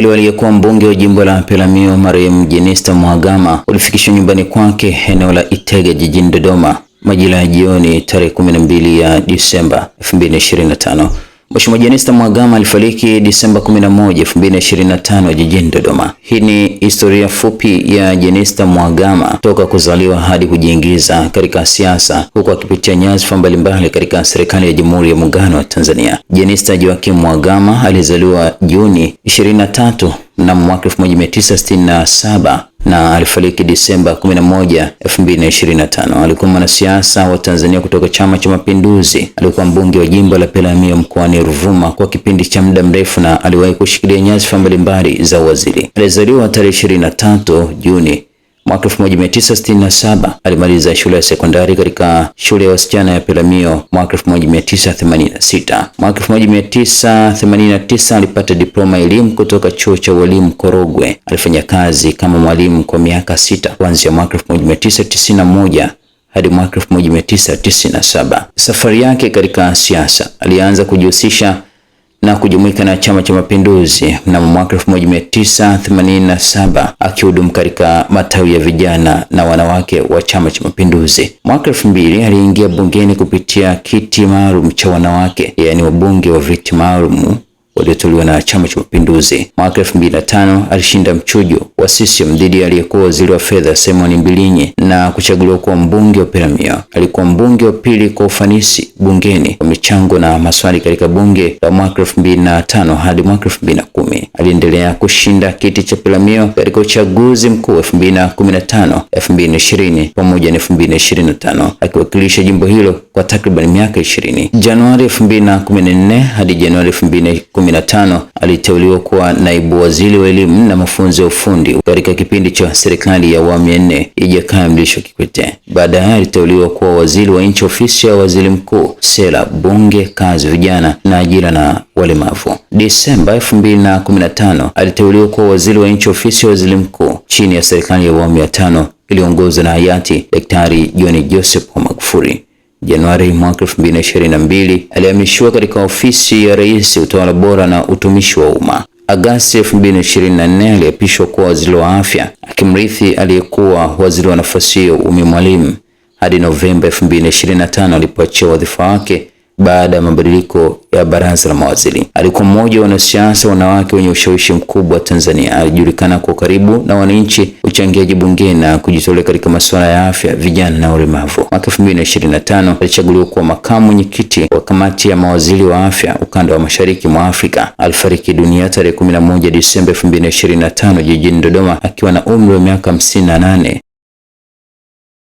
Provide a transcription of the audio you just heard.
Mwili wa aliyekuwa mbunge wa jimbo la Peramiho marehemu Jenista Mhagama ulifikishwa nyumbani kwake eneo la Itege jijini Dodoma majira ya jioni tarehe 12 ya Disemba 2025. Mheshimiwa Jenista Mhagama alifariki Disemba 11, 2025 jijini Dodoma. Hii ni historia fupi ya Jenista Mhagama toka kuzaliwa hadi kujiingiza katika siasa huku akipitia nyadhifa mbalimbali katika serikali ya Jamhuri ya Muungano wa Tanzania. Jenista Joakim Mhagama alizaliwa Juni 23 mnamo mwaka 1967 na alifariki Disemba 11, 2025. Alikuwa mwanasiasa wa Tanzania kutoka Chama cha Mapinduzi. Alikuwa mbunge wa jimbo la Peramiho mkoani Ruvuma kwa kipindi cha muda mrefu na aliwahi kushikilia nyadhifa mbalimbali za uwaziri. Alizaliwa tarehe 23 Juni mwaka 1967. Alimaliza shule ya sekondari katika shule ya wasichana ya Peramiho mwaka 1986. Mwaka 1989 alipata diploma elimu kutoka chuo cha ualimu Korogwe. Alifanya kazi kama mwalimu kwa miaka sita kuanzia mwaka 1991 hadi mwaka 1997. Safari yake katika siasa, alianza kujihusisha na kujumuika na Chama cha Mapinduzi mnamo mwaka 1987 akihudumu katika matawi ya vijana na wanawake wa Chama cha Mapinduzi. Mwaka mbili aliingia bungeni kupitia kiti maalum cha wanawake, yaani wabunge wa viti maalum waliotolewa na Chama cha Mapinduzi. Mwaka 2005 alishinda mchujo wa CCM dhidi ya aliyekuwa waziri wa fedha Simon Mbilinyi na kuchaguliwa kuwa mbunge wa Peramiho. Alikuwa mbunge wa pili kwa ufanisi bungeni kwa michango na maswali katika bunge la mwaka 2005 hadi mwaka 2010. Aliendelea kushinda kiti cha Peramiho katika uchaguzi mkuu 2015, 2020 pamoja na 2025 akiwakilisha jimbo hilo kwa takriban miaka 20. Januari 2014 hadi Januari 2015 aliteuliwa kuwa naibu waziri wa elimu na mafunzo ya ufundi katika kipindi cha serikali ya awamu ya nne ya Jakaya Mlisho Kikwete. Baadaye aliteuliwa kuwa waziri wa nchi ofisi ya waziri mkuu, sera, bunge, kazi, vijana na ajira na walemavu. Desemba 2015 aliteuliwa kuwa waziri wa nchi ofisi ya waziri mkuu chini ya serikali ya awamu ya tano iliyoongozwa na hayati Daktari John Joseph Magufuli. Januari mwaka 2022 alihamishiwa katika ofisi ya Rais Utawala Bora na Utumishi wa Umma. Agasti 2024 aliapishwa kuwa waziri wa afya akimrithi aliyekuwa waziri wa nafasi hiyo umi Mwalimu hadi Novemba 2025 alipoachia wadhifa wake baada ya mabadiliko ya baraza la mawaziri. Alikuwa mmoja wa wanasiasa wanawake wenye ushawishi mkubwa wa Tanzania. Alijulikana kwa karibu na wananchi, uchangiaji bungeni na kujitolea katika masuala ya afya, vijana na ulemavu. Mwaka 2025 alichaguliwa kuwa makamu mwenyekiti wa kamati ya mawaziri wa afya ukanda wa mashariki mwa Afrika. Alifariki dunia tarehe 11 Disemba 2025 jijini Dodoma akiwa na umri wa miaka 58.